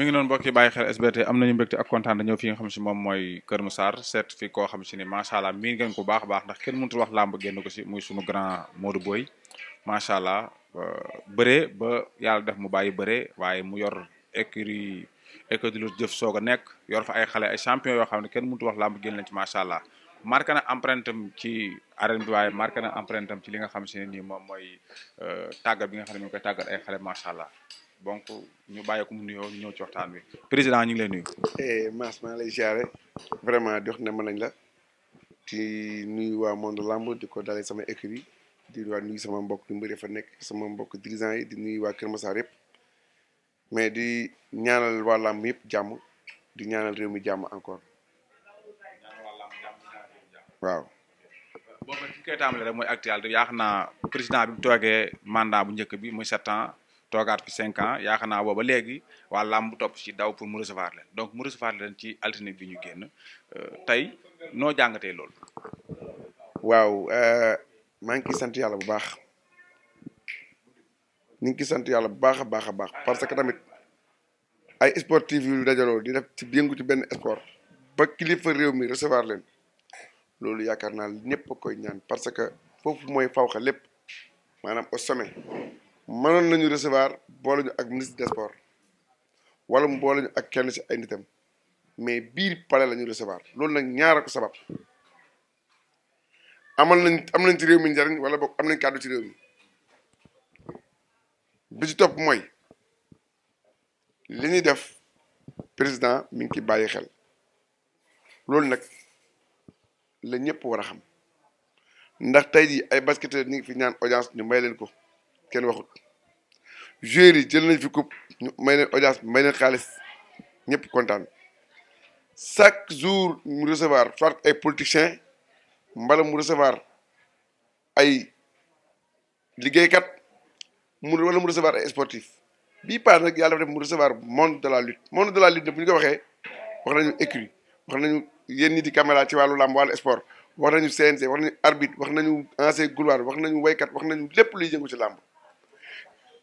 mi ngi noon boo yi bàyyi xel SBT am nañu mbégte ak kontaan dañoo fi nga xam si moom mooy Kër Moussar seet fi koo xam si ni macha allah miin ngeen ko baax a baax ndax kenn mënutul wax làmb génn ko si muy sunu grand Modou Boy macha allah bëree ba yàlla def mu bàyyi bëree waaye mu yor écurie écurie lu jëf soog a nekk yor fa ay xale ay champion yoo xam ne kenn mënutul wax làmb génn leen ci macha allah marqué na empreinte am ci arène bi waaye na empreinte am ci li nga xam si ne nii moom mooy euh, tàggat bi nga xam ne mi ngi koy tàggat ay xale macha allah donc ñu bàyyi ko mu nuyoo ñu ñëw ci waxtaan bi président ñu ngi lay nuyu. Eh, Mass maa lay ziare vraiment jox na ma nañ la di nuyu wa monde lamb di ko dalee sama équipe di waa nuyu sama mbokk yu fa nekk sama mbokk dirigeant yi di nuyu waa Kër Massar yëpp mais di ñaanal waa làmb yëpp jàmm di ñaanal réew mi jàmm encore waaw. boobu nag ki koy tàmbalee rek mooy actuel yaakaar naa président bi mu toogee bu njëkk bi muy sept ans. toogaat fi cinq ans yaakaar naa booba léegi waa làmb topp ci daw pour mu recevoir leen donc mu recevoir leen ci altine bi ñu génn euh, tey noo jàngatee lool waaw euh, maa ngi ciy sant yàlla bu baax ñu ngi ciy yàlla bu baax a baax a baax parce que tamit ay sportif yu dajaloo di def ci yëngu ci benn sport ba kilifa réew mi recevoir leen loolu yaakaar naa ñëpp a koy ñaan parce que foofu mooy fawxa lépp maanaam o sommet. mënoon nañu recevoir boole ñu ak ministre des sports wala mu boole ñu ak kenn si ay nitam mais biir pale la ñu recevoir loolu nag ñaara ko sabab amal nañ am nañ ci réew mi njariñ wala boog am nañ kàddu ci bi ci topp mooy li ñuy def président mi ngi ci bàyyi xel loolu nag la ñëpp war a xam ndax tey jii ay basketteurs ñu ngi fi ñaan audience ñu may leen ko. kenn waxut joueurs yi jël nañ fi coupe ñu may leen audience may leen xaalis ñëpp kontaan chaque jour mu recevoir soit ay politiciens mbala mu recevoir ay liggéeykat mu wala mu recevoir ay sportif bii paas nag yàlla dafa def mu recevoir monde de la lutte monde de la lutte bu ñu ko waxee wax nañu écrit wax nañu yéen ñi di caméra ci wàllu làmb wàllu sport wax nañu CNG wax nañu arbitre wax nañu ancien couloir wax nañu waykat wax nañu lépp luy yëngu ci làmb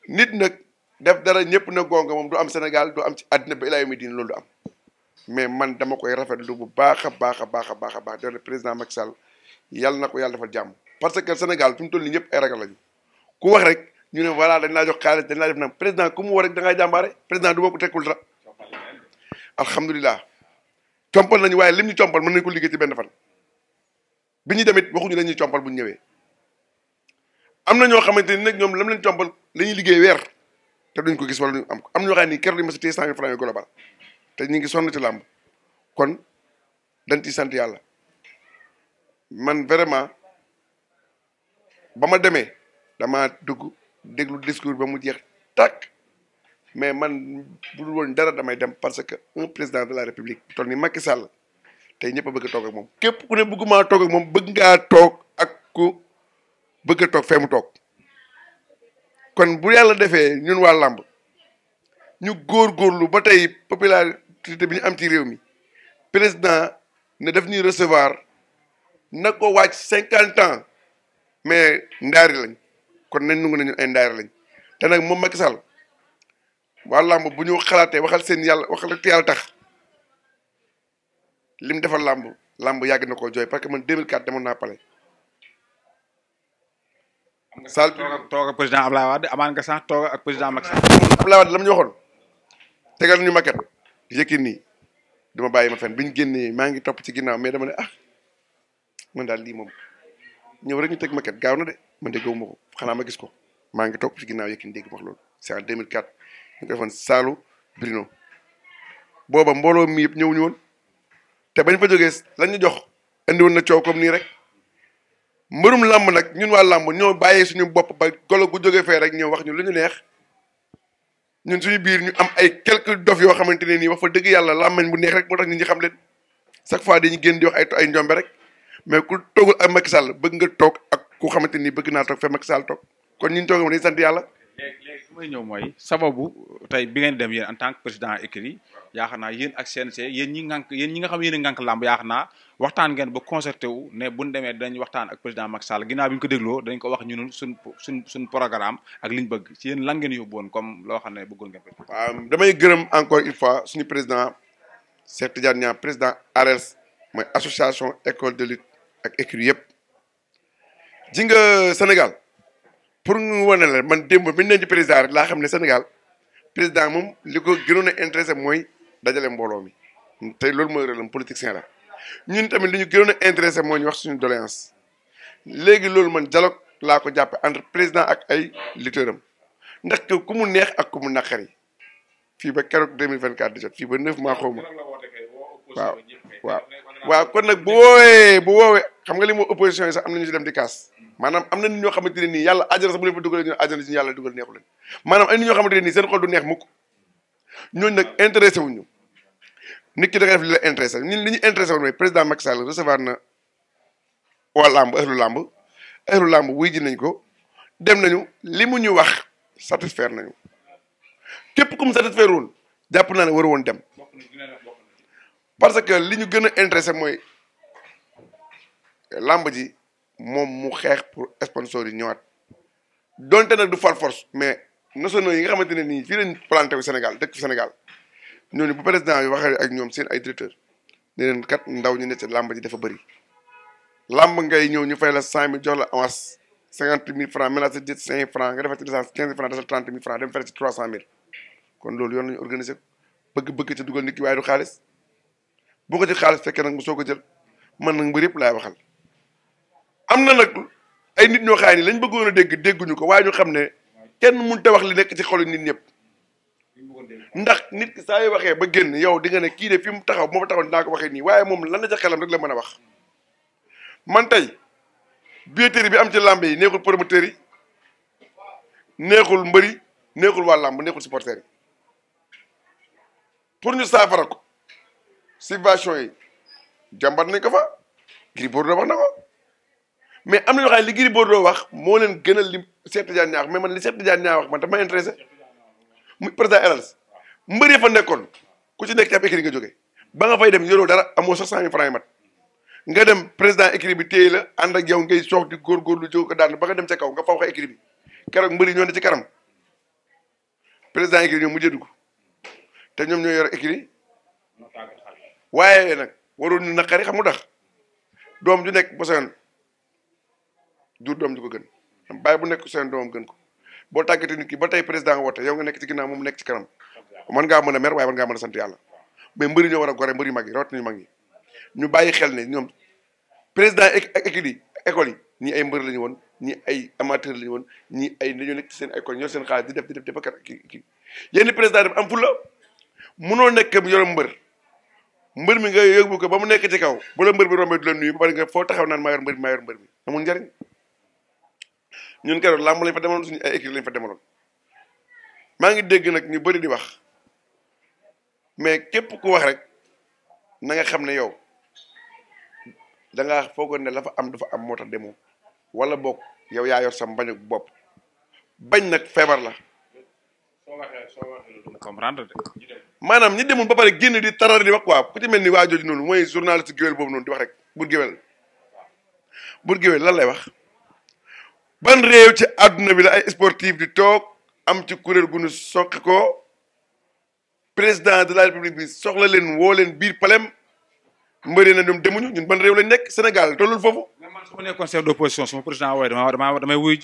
nit nag def dara ñëpp na gonga moom du am Sénégal du am ci àddina ba ilaa yawmi diin loolu du am mais man dama koy rafet rafetlu bu baax a baax a baax a baax a baax doole président Macky Sall yàlla na ko yàlla defal jàmm parce que Sénégal fi mu toll nii ñëpp ay ragal lañu ku wax rek ñu ne voilà dañ naa jox xaalis dañ laa def nag président ku mu war rek da ngaa jàmbaare président du ma ko tekkul dara alhamdulilah compal nañu waaye lim ñu compal mën nañu ko liggéey ci benn fan bi ñu demit waxuñu dañuy compal bu ñu ñëwee am na ñoo xamante ni nag ñoom lam lañ compal la ñuy liggéey weer te duñ ko gis wala duñ am am na ñoo xam ne keroog dañu mës a téye cent mille francs global te ñu ngi sonn ci làmb kon dañ ciy sant yàlla man vraiment ba ma demee dama dugg déglu discours ba mu jeex takk mais man bu dul woon dara damay dem parce que un président de la république toll ni Macky Sall te ñëpp a bëgg a toog ak moom képp ku ne bëggumaa toog moom bëgg ngaa toog bëgg toog fee mu toog kon bu yàlla defee ñun waa làmb ñu góorgóorlu ba tey popularité bi ñu am ci réew mi président ne def ñuy recevoir na ko wàcc cinquante ans mais ndaari lañ kon nañ nangu ne ñun ay ndaari lañ te nag moom Macky Sall waa làmb bu ñu xalaatee waxal seen yàlla waxal te yàlla tax lim defal làmb làmb yàgg na koo jooy parce que man 2004 demoon naa pale Sall toog ak président Ablaye Wade amaan nga sax toog ak président Macky Sall. Ablaye Wade la mu ñu waxoon tegal ñu maquette Yékini dama bàyyi ma fen bi ñu génnee maa ngi topp ci ginnaaw mais dama ne ah man daal lii moom ñëw rek ñu teg maket gaaw na de man de gëwuma ko xanaa ma gis ko maa ngi topp ci ginnaaw Yékini dégg wax loolu c'est en 2004 ñu ko defoon Saalu Brino booba mbooloo mi yëpp ñëwuñu woon te bañ fa jógee lañ jox indi woon na coow comme nii rek. mbërum làmb nag ñun waa làmb ñoo bàyyee suñu bopp ba golo gu jóge fee rek ñëw wax ñu lu ñu neex ñun suñu biir ñu am ay quelques dof yoo xamante ne nii wax fa dëgg yàlla làmmañ bu neex rek moo tax ñu ñi xam leen chaque fois dañuy génn di wax ay ay njombe rek mais ku toogul ay Macky Sall bëgg nga toog ak ku xamante ni bëgg naa toog fee Macky Sall toog kon ñu toog dañuy sant yàlla. léegi léegi may ñëw mooy sababu tey bi ngeen dem yéen en tant que président écurie yaakaar naa yéen ak CNG yéen ñi ngànk yéen ñi nga xam yéen a lamb làmb yaakaar naa waxtaan ngeen ba concerté wu ne buñ demee dañ waxtaan ak président Macky Sall ginnaaw bi ñu ko dégloo dañ ko wax ñun suñ suñ suñ programme ak liñ bëgg ci yéen lan ngeen yóbbu woon comme loo xam ne bëggoon ngeen ko waaw damay gërëm encore une fois suñu président Cheikh Tidiane Niang président ARES mooy association école de lit ak écurie yëpp nga Sénégal pour ñu wane la man démb bi ñu leen di président rek laa xam ne Sénégal président moom li ko gënoon a intéressé mooy dajale mbooloo mi te loolu mooy rôle am politicien la ñun tamit li ñu gënoon a intéressé mooy ñu wax suñu doléance léegi loolu man dialogue laa ko jàppe entre président ak ay lutteurs am ndax ke ku mu neex ak ku mu naqari fii ba keroog 2024 di jot fii ba neuf mois xaw ma waaw waaw waaw kon nag bu woowee bu woowee xam nga li moo opposition yi sax am nañu si dem di kaas maanaam am na nit ñoo xamante ne nii yàlla àjjana sax bu leen fa dugalee ñu àjjana si yàlla dugal neexu leen maanaam ay nit ñoo xamante ne nii seen xol du neex mukk ñooñu nag intéressé wuñu nit ki da nga def li la intéressé ñun li ñu intéressé woon mooy président Macky Sall recevoir na waa làmb ahlu làmb ahlu làmb wu ji nañ ko dem nañu li mu ñu wax satisfaire nañu képp comme mu satisfaire jàpp naa ne war woon dem parce que li ñu gën a intéressé mooy làmb ji moom mu xeex pour sponsor yi ñëwaat donte nag du far force mais nationaux yi nga xamante ne nii fii lañ planté wu Sénégal dëkk Sénégal ñooñu bu président bi waxee ak ñoom seen ay directeur ne leen kat ndaw ñu ne ci làmb ji dafa bëri làmb ngay ñëw ñu fay la cent mille jox la avance cinquante mille franc mel sa jët trois cent mille kon loolu yoon lañu organiser bëgg-bëgg ci dugal nit ki waaye du xaalis boo ko ci xaalis fekkee nag mu soo ko jël man nag mbir yëpp laay am na nag ay nit ñoo xaay ni lañ bëggoon a dégg dégguñu ko waaye ñu xam ne kenn mun a wax li nekk ci xolu nit ñëpp ndax nit saa yu waxee ba génn yow di ne kii de fi mu taxaw moo taxaw dinaa ko waxee nii waaye moom lan la ca xelam rek la mën a wax man tey billetterie bi am ci làmb yi neexul promoteur yi neexul mbëri neexul waa làmb neexul supporters yi pour ñu saafarako ko yi jàmbat nañ ko fa Gris Bordeaux wax na ko mais am na loo xam liggéey li Gris wax moo leen gënal li Cheikh Tidiane Niang wax man li Cheikh Tidiane Niang wax man dama intéressé muy président Elals mbëri fa nekkoon ku ci nekk ci ab nga jógee ba nga fay dem yoroo dara amoo sax cent mille mat nga dem président écrit bi téye la ànd ak yow ngay soox di góorgóorlu jóg ko daan ba nga dem ca kaw nga faw xa écrit bi keroog mbëri ñoo ne ci kanam président écrit ñoom mujjee dugg te ñoom ñoo yor écrit waaye nag waroon ñu naqari xam mu tax doom ju nekk ba sa jur doom di ko gën bàyyi bu nekk seen doomam gën ko boo tàggatee nit ki ba tey président nga woote yow nekk ci ginnaaw moom nekk ci kanam mën ngaa a mer waaye mën ngaa a sant a ñu bàyyi xel ne ñoom président école yi école yi ñii ay mbër lañu woon ñii ay amateur lañu woon ñii ay dañoo ci seen ay école seen xaalis di def di ba kat kii kii yenn am fulla munoo nekk yore mbër mbër mi nga mu nekk ci kaw bu la mbër bi rombee du la nuyu ba pare naan maa yor mbër maa yor mbër mi amul njariñ ñun keroog làmb lañ fa demoon suñu ay écrit lañ fa demaloon maa ngi dégg nag ñu bëri di wax mais képp ku wax rek na nga xam ne yow da nga foogoon ne la fa am du am moo tax demoo wala bokk yow yaa yor sam bañ bopp bañ nag feebar la. comprendre maanaam ñi demul ba pare génn di tarar di wax waaw ku ci mel ni waa jooju noonu mooy journaliste géwél boobu noonu di wax rek bur géwél bur géwél lan lay wax ban réew ci àdduna bi la ay sportif di toog am ci kuréel gu nu soqi ko président de la république bi soxla leen woo leen biir palem mbëri na ñoom demuñu ñun ban réew lañ nekk Sénégal tollul foofu. mais man su ma nekkoon chef d'opposition su ma président wooyee damaa damaa damay wuyu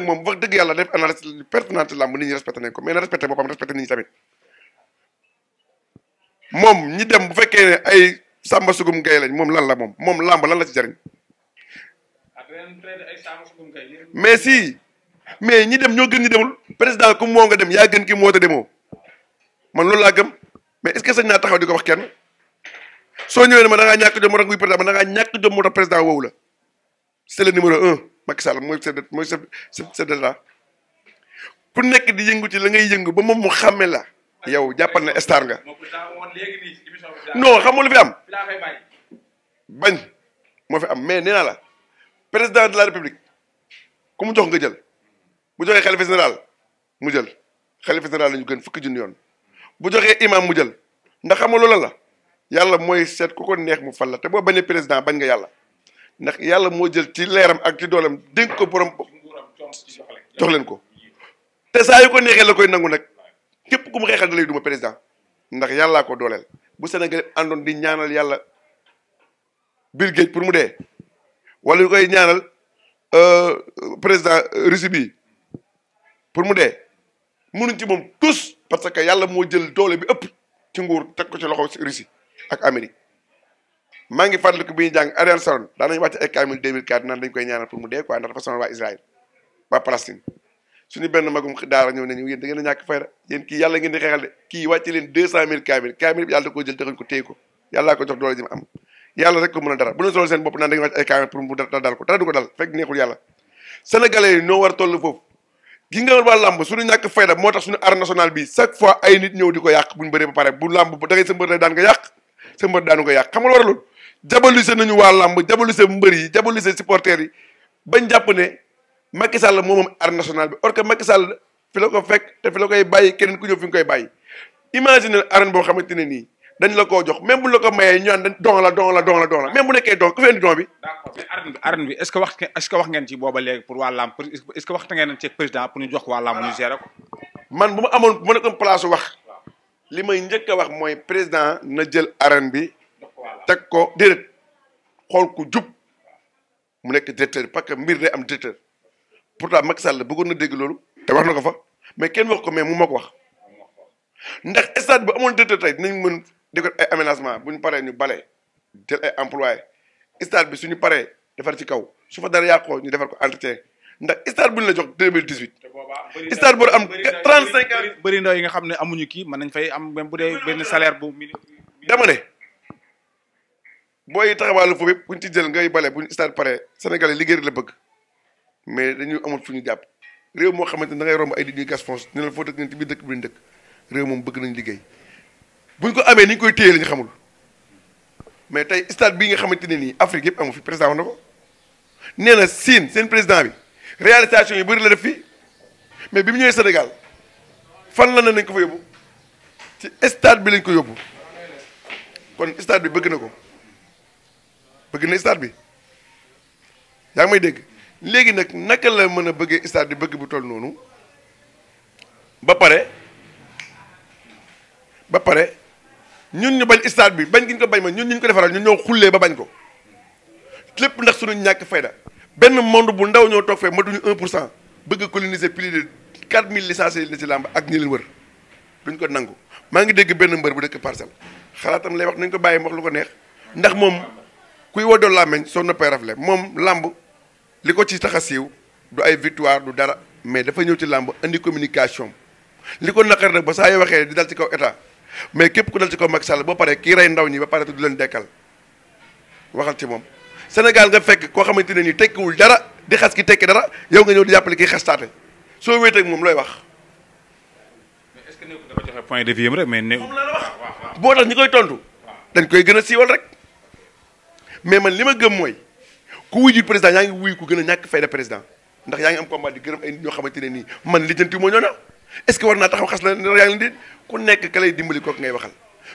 moom wax dëgg yàlla def analyse ñi respecté moom ñi dem bu fekkee ne ay. Samba Sugum Gueye lañ moom lan la moom moom lamba lan la ci jariñ mais si mais ñi dem ñoo gën ñi demul président comme moo nga dem yaa gën ki moo te demoo man loolu laa gëm mais est-ce sañ naa taxaw di ko wax kenn soo ñëwee ne ma ñàkk jom moo tax nguy président ma da ngaa ñàkk jom moo tax numéro un Macky mooy chef mooy chef chef d'état nekk di yëngu ci la ngay yëngu ba moom mu xàmme la yow jàppal na star nga non xam lu fi am. bañ moo fi am mais nee la président de la république ku mu jox nga jël bu joxee xalifa général mu jël xalifa général lañu gën fukki junni yoon bu joxee imam mu jël ndax xam loola la yàlla mooy seet ku ko neex mu fal te boo bañee président bañ nga yàlla ndax yàlla moo jël ci leeram ak ci dooleem dénk ko borom jox leen ko te saa yu ko neexee la koy nangu nag képp ku mu xeexal da lay duma président ndax yàllaa ko dooleel bu Sénégal àndoon di ñaanal yàlla Bill Gates pour mu dee wala ñu koy ñaanal euh, président euh, Russie bi pour mu dee mënuñ ci moom tous parce que yàlla moo jël doole bi ëpp ci nguur teg ko ci loxo Russie ak Amérique maa ngi fàttaliku bi ñuy jàng Ariane Sharon daan nañu wàcc ay kaamil 2004 naan dañ koy ñaanal pour mu dee quoi ndax dafa sonal waa Israël waa Palestine suñu benn magum daara ñëw nañu yéen a ñàkk fayda ñu waa làmb suñu ñàkk fayda moo tax suñu arène nationale bi chaque fois ay nit ñëw di waa làmb jabalise mbër yi yi bañ jàpp Macky Sall moom arène nationale bi or que Macky Sall fi la ko fekk te fi la koy bàyyi keneen ku ñëw fi koy bàyyi imagine arène boo xamante ne nii dañ la koo jox même bu la ko mayee ñu naan don la don la don la don la même bu nekkee don ku fi indi don bi. d'accord mais arène bi arène bi est-ce que est est man bu ma amoon bu ma nekkoon place wax li may njëkk wax mooy président na jël arène bi teg ko déedéet xool ku jub mu nekk directeur parce que mbir day am directeur. pour pourtant Macky la bëggoon na dégg loolu te wax na ko fa mais kenn wax ko mais mu ma ko wax ndax stade bu amoon dëtt tey dinañ mën di ko ay aménagement bu ñu paree ñu bale jël ay employé stade bi suñu paree defar ci kaw su fa dara yàqoo ñu defar ko entretien ndax stade bu ñu la jox deux mille dix huit stade boo am trente cinq ans bëri yi nga xam ne amuñu kii mën nañ fay am même bu dee benn salaire bu mini dama ne booy taxawaalu foofu bu ñu ci jël ngay bale buñ stade paree sénégalais liggéey la bëgg mais dañu amul fu ñu jàpp réew moo xamante ne da ngay romb ay nit ñuy gas fonce ne la foo dëkk ne ci biir dëkk bi dëkk réew moom bëgg nañ liggéey buñ ko amee ni ñu koy téye la ñu xamul mais tey stade bii nga xamante ne nii Afrique yëpp amu fi président na nee na Sine seen président bi réalisation yu bëri la def fii mais bi mu ñëwee Sénégal fan la ne nañ ko fa yóbbu si stade bi lañ ko yóbbu kon stade bi bëgg na ko bëgg na stade bi yaa ngi may dégg. léegi nag naka la mën a bëggee stade bi bëgg bu toll noonu ba pare ba pare ñun ñu bañ stade bi bañ gi ko bañ ma ñun ñu ko defaral ñu ñoo xullee ba bañ ko lépp ndax suñu ñàkk fayda benn monde bu ndaw ñoo toog fee matuñu 1 pour cent bëgg coloniser plus de 4000 licenciés na ci làmb ak ñi leen wër duñ ko nangu maa ngi dégg benn mbër bu dëkk parcelle xalaatam lay wax nañ ko bàyyi wax lu ko neex ndax moom kuy woddoo làmmeñ soo noppee rafle moom làmb li ko ci tax a siiw du ay victoire du dara mais dafa ñëw ci làmb indi communication li ko naqar nag ba saa yoo waxee di dal ci kaw état mais képp ku dal ci kaw mag Sall boo paree kii rey ndaw ñi ba pare du leen dekkal waxal ci moom. Sénégal nga fekk koo xamante ne nii tekkiwul dara di xas ki tekki dara yow nga ñëw di jàppale kii xastaate soo wéetee moom looy wax. point de vue rek mais ne. boo tax ñu koy tontu. dañ koy gën a siiwal rek mais man li ma gëm mooy. ku wuy ji président yaa ngi wuy ku gën a ñàkk fayda président ndax yaa ngi am combat di gërëm ay nit ñoo xamante ne nii man lijjanti moo ñooña est ce que war naa taxaw xas la yaa ngi leen di ku nekk ka lay dimbali kooku waxal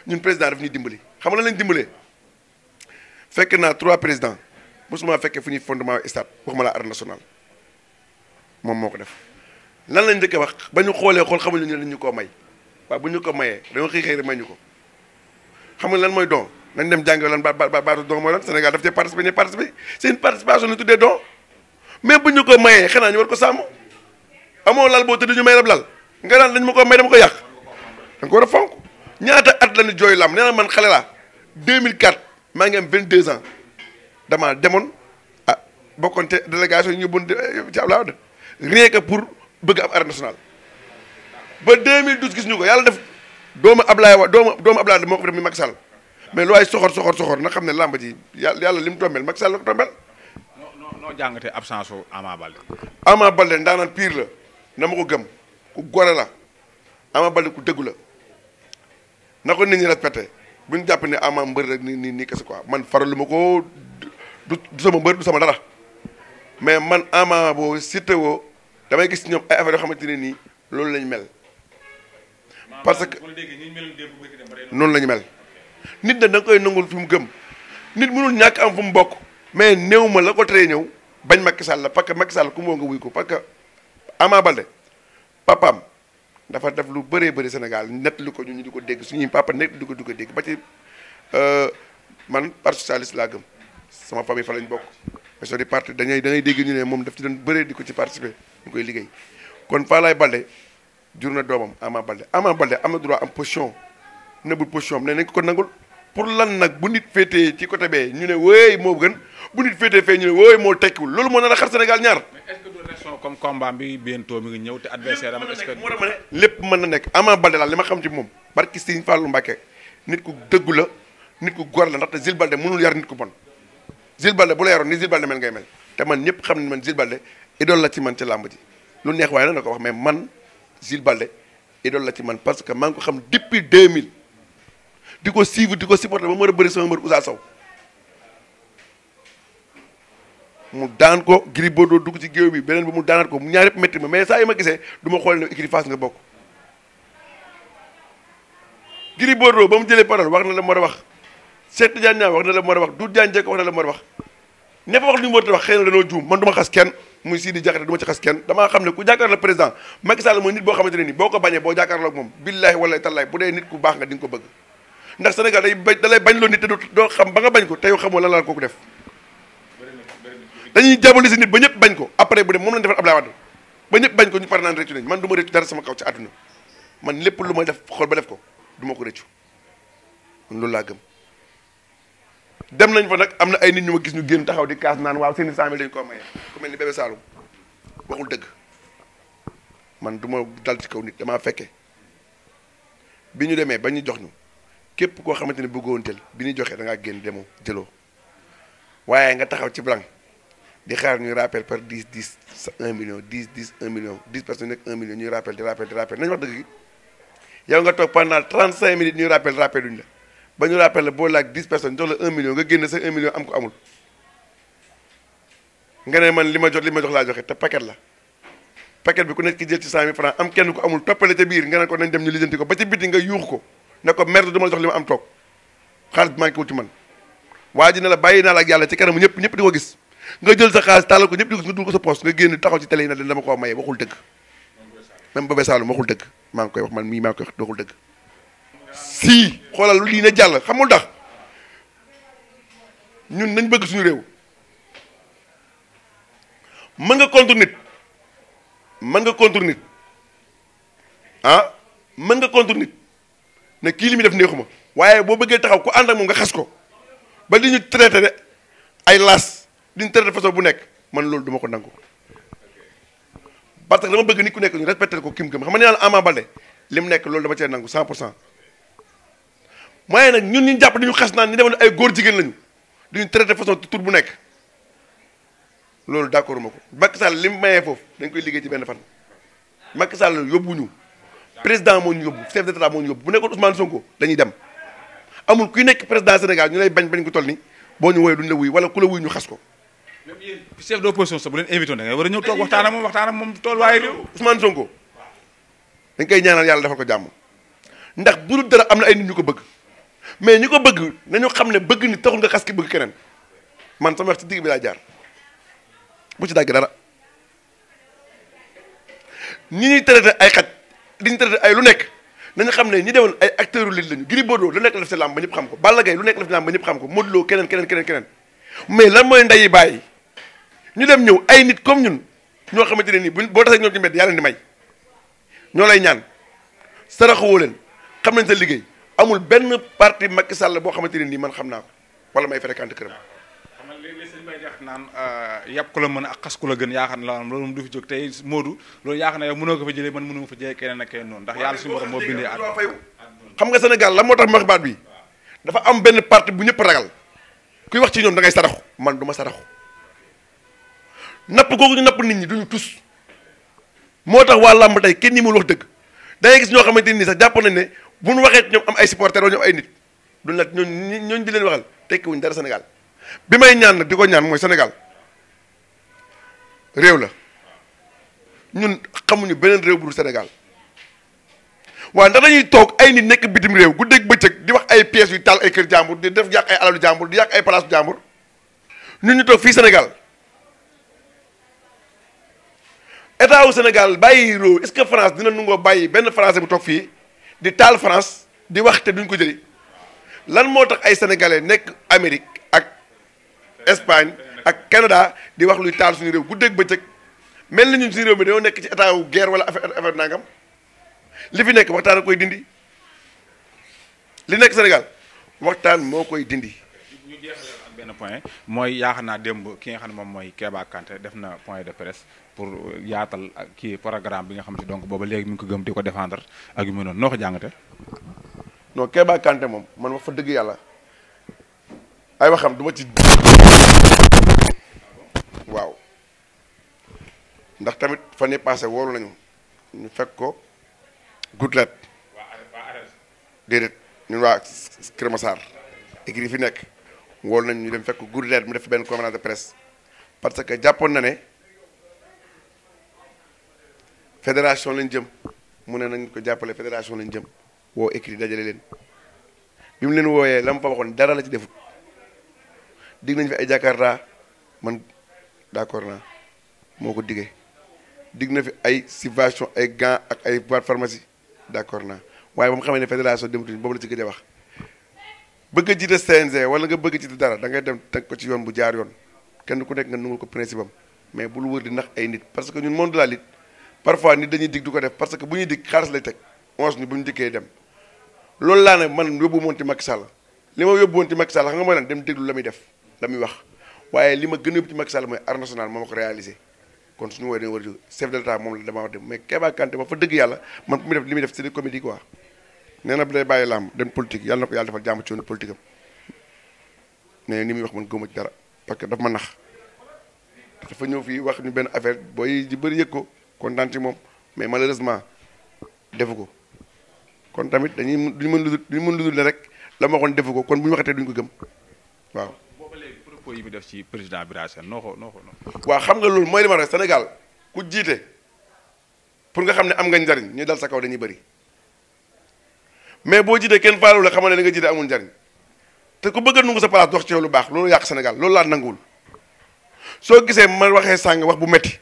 ñun président daf ñuy dimbali xam nga lañ dimbalee fekk naa trois présidents mosuma fekkee fu ñuy fondement stade waxuma la arène nationale moom moo ko def lan lañ njëkk wax ba ñu xoolee xool xamuñu ne dañ ñu koo may waaw bu ñu ko mayee dañoo xëy xëy rek may ñu ko xam nga lan mooy don nañ dem jàngi lan ba ba baatu don mooy lan Sénégal daf cee participé ñu participé c'est mais bu ñu ko mayee xanaa ñu war ko sàmm amoo lal boo tëdd ñu may rab lal nga naan dañ ma ko may dama ko yàq ko war a fonk ñaata at la ñu jooy na man xale laa 2004 maa ngi am 22 ans dama demoon ah bokkoon te délégation yi ñu bun eh, ci Abdoulaye Wade rien que pour bëgg am arène nationale ba 2012 gis ñu ko yàlla def doomu Ablaye wa doomu doomu Ablaye moo mi Macky Sall mais lu ay soxor soxor soxor na xam ne làmb ji yàlla yàlla li mu tombel Macky Sall la ko tombel noo jàngatee absence su la na ma ko gëm ku la Ama Baldé ku dëggu la na ko nit ñi respecté bu ñu jàpp ne Ama mbër rek ni nii nii kese quoi man faralu ma ko du sama mbër du sama mais man Ama boo Siteu gis ñoom ay affaire xamante ne nii loolu lañ mel parce que noonu lañu mel nit na da nga koy nangul fi mu gëm nit mënul ñàkk am fu mu bokk mais néew ma la ko teree ñëw bañ Macky Sall la parce que Macky Sall ku mu woo nga wuy ko parce que Ama Baldé papaam dafa def lu bëree bëri Sénégal nett li ko ñu ñu di ko dégg suñuy papa nett li ko di ko dégg ba ci euh, man parti socialiste laa gëm sama famille fa lañ bokk mais soo di parti dañuy dañuy dégg ñu ne moom daf ci doon bëree di ko ci participer ñu koy liggéey kon Falaye Baldé jur na doomam Ama Baldé Ama Baldé am na droit am position nëbbul position am ne nañ ko ko pour lan nag bu nit féetee ci côté bee ñu ne wéy moo gën bu nit féetee fee moo tekkiwul loolu moo nar a xar Sénégal ñaar. mais est bi bientôt mi ngi ñëw te adversaire am lépp mën na nekk Ama Baldé la li ma xam ci moom barki Serigne lu Mbacké nit ku dëggu la nit ku gor la ndaxte Zil Baldé mënul yar nit ku bon Zil bu la yaroon ni Zil Baldé mel ngay mel te man ñëpp xam ne man Zil Baldé idole la ci man ci làmb ji lu neex waaye nag na ko wax man Zil Baldé idole la ci man parce que maa ngi ko xam depuis 2000. di ko suivre di ko supporter ba mën a bëri sama mbër Ousa Sow mu daan ko Gris Bordeaux dugg ci géew bi beneen bi mu daanaat ko mu ñaar metti métti ma mais saa yi ma gisee du ma xool ne écurie Fass nga bokk Gris Bordeaux ba mu jëlee parole wax na la mu war a wax Cheikh Tidiane Niang na la mu war a wax Doudou Diagne Diécko wax a wax ña fa wax lu ñu war a wax xëy na dañoo juum man du ma xas kenn muy Sidi Diakhaté du ma ci xas kenn damaa ne ku jàkkaar la président Macky Sall mooy nit boo xamante ne nii boo ko bañee bu dee nit ku baax nga di ko bëgg ndax Sénégal day bañ da bañ loo nit te doo xam ba nga bañ ko te yow xamoo lan la kooku def dañuy jàppale si nit ba ñëpp bañ ko après bu dem moom lañ defal Abdoulaye Wade ba ñëpp bañ ko ñu pare naan rëccu nañ man du ma rëccu dara sama kaw ci àdduna man lépp lu ma def xool ba def ko du ma ko rëccu man loolu laa gëm dem nañ fa nag am na ay nit ñu ma gis ñu génn taxaw di kaas naan waaw seeni cent mille dañu koo maye ku mel ni bébé Saloum waxul dëgg man du ma dal ci kaw nit damaa fekke bi ñu demee ba ñu jox ñu képp koo xamante ne bëggoon jël bi ñu joxe dangaa ngaa génn demoo jëloo waaye nga taxaw ci blanc di xaar ñuy rappel par 10 10 1 million 10 10 1 million 10 personnes nekk 1 million ñuy rappel di rappel di rappel nañu wax dëgg gi yow nga toog pendant 35 minutes ñuy rappel rappel la ba ñu rappel la boo laaj 10 personnes jox la 1 million nga génn sa 1 million am ko amul nga man li ma jot li ma jox laa joxe te paquet la paquet bi ku nekk ki jël ci 100000 francs am kenn ko nañ dem ñu lijjanti nga yuux ko ne ko maire dama la jox li ma am toog xaalis bi maa ngi ji ne la bàyyi naa la yàlla ci kanam ñëpp ñëpp di gis nga jël sa xaalis tàllal ko ñëpp di ko ko sa poos nga génn taxaw ci télé yi ne dama koo maye même Bébé Saloum waxul dëgg maa ngi koy wax man mii maa ngi koy wax xoolal lii na jàll xamul ndax ñun nañ bëgg suñu réew nga contre nit mën nga contre ah mën nga contre nit ne kii li muy def neexuma waaye boo bëggee taxaw ku ànd ak moom nga xas ko ba li ñu traité de ay laas li ñu traité façon bu nekk man loolu duma ko nangu parce que dama bëgg nit ku nekk ñu respecté ko kim gëm xam nga nee naa la Ama ba li mu nekk loolu dama cee nangu 100 pour cent waaye nag ñun ñu jàpp dañu xas naan ñu demoon ay góor jigéen lañu duñu traité façon tur bu nekk loolu d'accord ma ko Macky Sall li mu mayee foofu dañ koy liggéey ci benn fan Macky Sall yóbbuñu président moo ñu yóbbu chef d'état moo ñu yóbbu bu nekkoon Ousmane Sonko dañuy dem amul kuy nekk président Sénégal ñu lay bañ bañ ko toll ni boo ñu woowee du la wuy wala ku la wuy ñu xas ko. même yéen chef d'opposition sax bu leen invité da moom tool waaye réew. Ousmane Sonko dañ koy ñaanal yàlla defal ko jàmm ndax bu dul dara am na ay nit ñu ko bëgg mais ñu ko bëgg nañu xam ne bëgg ni taxul nga xas ki bëgg keneen man sama wax ci digg bi laa jaar bu ci dàgg dara ñi ñuy traité ay xaj di ñu traité ay lu nekk nañu xam ne ñi demoon ay acteurs lit lañu Gris Bordeaux lu nekk la def si làmb ba ñëpp xam ko Balla Gaye lu nekk la def si làmb ba ñëpp xam ko Modou Lo keneen keneen keneen keneen mais lan mooy ndeyi bàyyi ñu dem ñëw ay nit comme ñun ñoo xamante ne nii buñ boo tasee ñoo ci mbedd yaa leen may ñoo lay ñaan saraxawoo leen xam nañ sa liggéey amul benn parti Macky Sall boo xamante ne nii man xam naa ko wala may fréquente këram bay def naan euh, yàpp ku la mën ak xas ku la gën yaakaar na loolu moom du fi jóg tey Modou loolu yaakaar na yow mënoo ko fa jëlee man mënu ma fa jëlee keneen ak keneen noonu ndax yàlla suñu moo bindee at xam nga Sénégal la moo tax ma xibaat bi dafa am benn parti bu ñëpp ragal kuy wax ci ñoom da ngay saraxu man du ma saraxu napp kooku ñu napp nit ñi duñu tus moo tax waa làmb tey kenn ñi mul wax dëgg dangay gis ñoo xamante nii sax jàpp nañ ne bu ñu waxee ñoom am ay supporters wala ñoom ay nit duñ la ñooñ ñooñ di leen waxal tekkiwuñ dara Sénégal bi may ñaan nag di ko ñaan mooy Sénégal réew la ñun xamuñu beneen réew bu dul Sénégal waaye ndax dañuy toog ay nit nekk bitim réew guddeeg bëccëg di wax ay pièces yu taal ay kër jàmbur di def yàq ay alalu jàmbur di yàq ay palaasu jàmbur ñun ñu toog fii Sénégal état wu Sénégal bàyyi réew est-ce que France dina nungoo bàyyi benn français bu toog fii di taal France di wax te duñ ko jëli lan moo tax ay sénégalais nekk Amérique. Espagne ak Canada di wax luy taal suñu réew guddeeg bëccëg mel na ñun suñu réew mi dañoo nekk ci état wu guerre wala affaire affaire nangam li fi nekk waxtaan koy dindi li nekk Sénégal waxtaan moo koy dindi. benn point mooy yaakaar naa démb ki nga xam ne moom mooy Keba Kanté def na point de presse pour yaatal kii programme bi nga xam ne donc booba léegi mi ngi ko gëm di ko défendre ak yu mel noonu noo ko jàngate. non Keba Kanté moom man wax fa dëgg yàlla. ay waxam duma ci waaw ndax tamit fan yii passé wóolu nañu ñu fekk ko gudlet déedéet ñun waa Kër Massar écrit fi nekk wóolu nañ ñu dem fekk gudlet mu def benn conférence de presse parce que jàppoon na ne fédération lañ jëm mu ne nañ ko jàppale fédération lañ jëm woo écrit dajale leen bi mu leen wooyee la mu fa waxoon dara la ci defut digg nañ fi ay jakarta man d'accord naa moo ko digee digg na fi ay subvention ay gants ak ay boîte pharmacie d'accord naa waaye ba mu xamee ne fédération dématuñ boobu la ci gëj a wax bëgg a jiite CNG wala nga bëgg jiite dara dangay dem teg ko ci yoon bu jaar yoon kenn ku nekk nga nungul ko principe am mais bul wër di nax ay nit parce que ñun monde laa lit lutte parfois nit dañuy digg du ko def parce que bu ñuy dig xaalis lay teg onze ni bu ñu dikkee dem loolu laa ne man yóbbu moon ci Macky Sall li ma yóbbu woon ci Macky Sall xam nga mooy lan dem déglu la def la muy wax waaye li ma gën a yóbbu ci Macky Sall mooy arène nationale moo ma ko réalisé kon suñu woowee dañoo war a jóg chef de moom la damaa wax de mais Kéba Kanté ma fa dëgg yàlla man mi li muy def c'est des comédie quoi na bu bàyyi laam dem politique yàlla na ko yàlla defal jàmm ci woon politique mais ni muy wax man gëmuma ci dara parce que daf ma nax dafa ñëw fii wax ñu benn affaire booy ji bëri yëg ko kon kontaan ci moom mais malheureusement defu ko kon tamit dañu duñu mën ludul duñu mën rek la ma waxoon defu ko kon bu ñu waxatee duñu ko gëm waaw propos yi mu def ci président Bira Sène noo ko noo ko waaw xam nga loolu mooy li ma wax Sénégal ku jiite pour nga xam ne am nga njariñ ñu dal sa kaw dañuy bari mais boo jiitee kenn faalu la xamal ne li nga jiite amul njariñ te ku bëgg a nungu sa place dox ci lu baax loolu yàq Sénégal loolu laa nanguwul soo gisee ma waxee sàng wax bu metti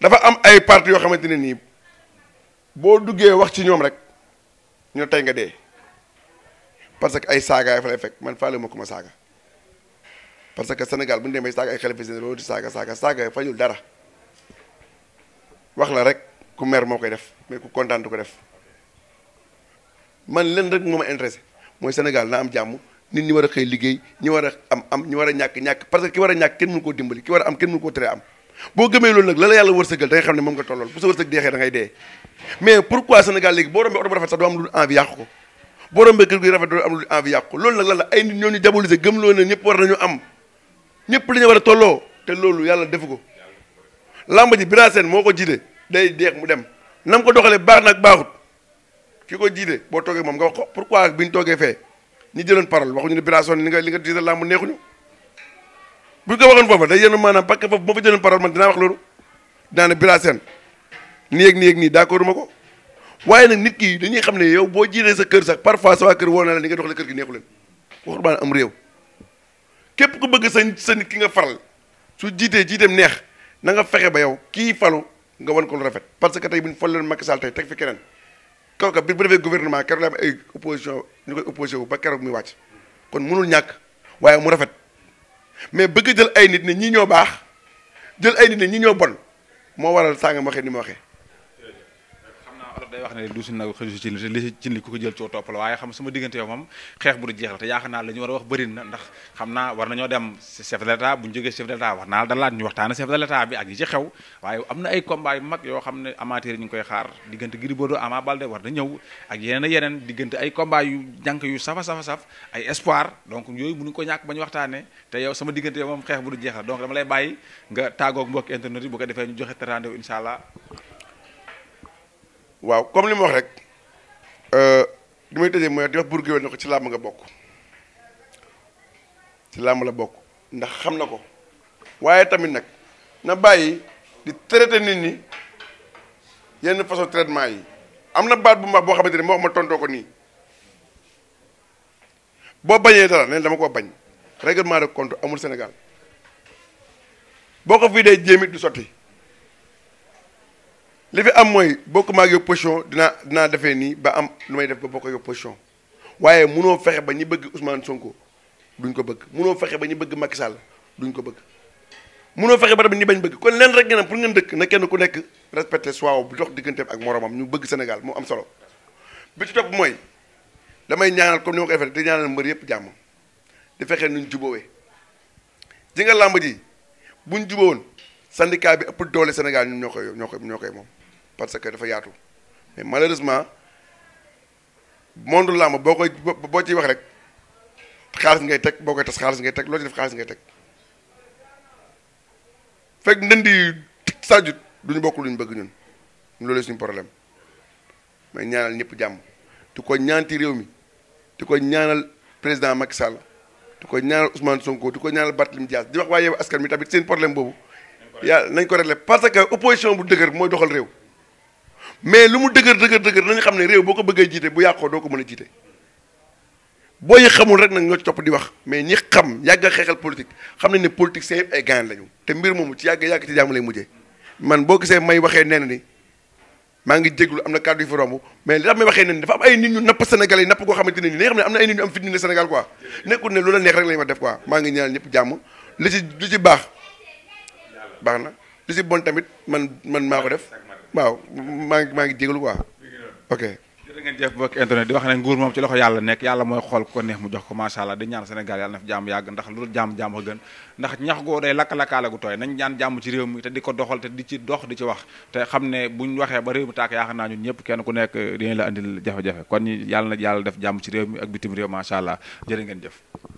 dafa am ay parti yoo xamante ne nii boo duggee wax ci ñoom rek ñoo tey nga dee parce que ay saagaay fa lay fekk man faale ma ko ma saaga parce que Sénégal bu ñu demee saaga ay xalifa généraux di saaga saaga saaga fañul moo koy def mais ku kontaan du ko def man leen rek moo ma intéressé mooy Sénégal na am jàmm nit ñi war a xëy liggéey ñi war am am ñi war a ñàkk a ñàkk a am kenn mënu koo tere am boo gëmee loolu nag la la oto bu rafet sax am lu am lu envie loolu nag la la ay nit ñoo ñu diaboliser gëm loo ne ñëpp war nañu am ñëpp li ñu war a tolloo te loolu yàlla defu ko làmb ji Bira moo ko jiite day deex mu dem nam ko doxalee baax nag baaxut ki ko jiite boo toogee moom nga wax ko pourquoi bi ñu toogee fee ñi jëloon parole waxuñu ne Bira Sène li nga li nga jiite làmb neexuñu bu ñu ko waxoon foofa day yéen maanaam parce que foofu bu ma fa jëloon parole man dinaa wax loolu dinaa ne Bira Sène nii ak nii ak nii ma ko waaye nag nit ki dañuy xam ne yow boo jiitee sa kër sax parfois sa waa kër woo na la li nga doxalee kër gi neexu leen waxuñu maanaam am réew. képp ku bëgg sa sa nit ki nga faral su jiitee jiiteem neex nanga fexe ba yow kii falu nga wan ko lu rafet parce que tey bu ñu fal leen Macky Sall tey teg fi keneen kooka bi bu defee gouvernement keroog la am ay opposition ñu koy opposé wu ba keroog muy wàcc kon munul ñàkk waaye mu rafet mais bëgg jël ay nit ne ñi ñoo baax jël ay nit ne ñi ñoo bon moo waral saa sànga ma waxee ni ma waxee day waaye xam sama diggante yow moom xeex bu du jeex la te yaakaar naa a wax bëri na ndax xam waxtaana chef de bi ak yi ci xew waaye am na ay combat mag yoo xam ne amateur ñu ngi koy xaar diggante Gris Bordeaux Ama Baldé war na ñëw ak yeneen a yeneen diggante ay combat yu jànk yu safa safa saf ay espoir donc yooyu mënuñu ko ñàkk ba ñu waxtaane te yow sama diggante yow moom xeex bu du jeex la donc dama lay bàyyi nga tàggoog mbokk internet yi bu defee ñu joxe rendez waaw comme li ma wax rek euh, li may tëjee mooy di wax buur géwél na ko ci làmb nga bokk ci làmb la bokk ndax xam na ko waaye tamit nag na bàyyi di traité nit ñi yenn façon traitement yi am na baat bu ma boo xamante ne moo wax tontoo ko nii boo bañee dara ne dama ko bañ règlement de compte amul Sénégal boo ko fii dee jéemit du sotti li fi am mooy bokk maak yow position dinaa dinaa defee nii ba am lu may def ba bokk yow position waaye munoo fexe ba ñu bëgg Ousmane Sonko duñ ko bëgg munoo fexe ba ñu bëgg Macky Sall duñ ko bëgg munoo fexe ba tamit ñu bañ bëgg kon leen rek ngeen am pour ngeen dëkk na kenn ku nekk respecté soit bu dox digganteem ak moromam ñu bëgg Sénégal mu am solo bi ci topp mooy damay ñaanal kon ni ma ko defee di ñaanal mbër yëpp jàmm di fexe nuñ jubóowee ji nga làmb ji buñ jubóowoon syndicat bi ëpp doole Sénégal ñun ñoo ñoo ñoo koy moom parce que dafa yaatu mais malheureusement monde làmb boo koy boo ciy wax rek xaalis ngay teg boo koy tas xaalis ngay teg loo ci def xaalis ngay teg fekk ndëndi sajut duñu bokk luñu bëgg ñun loolu suñ problème mais ñaanal ñëpp jàmm di ko ñaanti réew mi di ko ñaanal président Macky Sall di ko ñaanal Ousmane Sonko di ko ñaanal Barthélémy Dias di wax waa Yewwi Askan mi tamit seen problème boobu yàlla nañ ko régler parce que opposition bu dëgër mooy doxal réew mais lu mu dëgër dëgër dëgër nañu xam ne réew boo ko bëggee jiite bu yàqoo doo ko mën a jiite boo yi xamul rek nag ñoo ci topp di wax mais ñi xam yàgg a xeexal politique xam nañ ne politique seen ay gaañ lañu te mbir moomu ci yàgg yàgg ci jàmm lay mujjee man boo gisee may waxee nee na ni maa ngi jéglu am na kàddu yu fi romb waxee nee am ay nit ñu napp Sénégal yi xamante ne nii xam ne am na ay nit ñu am fitni ne Sénégal quoi nekkul ne loola neex rek lañu ma def quoi maa ngi ñaanal ñëpp jàmm li ci li ci baax baax na li si bon tamit man man maa ko def waaw maa ngi maa ngi jégalu quoi. ok. jërë ngeen jëf mbokk internet di wax ne nguur moom ci loxo yàlla nekk yàlla mooy xool ku ko neex mu jox ko macha allah di ñaan Sénégal yàlla na fi jàmm yàgg ndax loolu jàmm jàmm ko gën ndax ñax goo day lakk-lakkaale gu tooy nañ ñaan jàmm ci réew mi te di ko doxal te di ci dox di ci wax te xam ne buñ waxee ba réew mi tàkk yaakaar naa ñun ñëpp kenn ku nekk dinañ la andil jafe-jafe kon ñu yàlla na yàlla ci réew mi ak bitim réew macha allah jërë ngeen jëf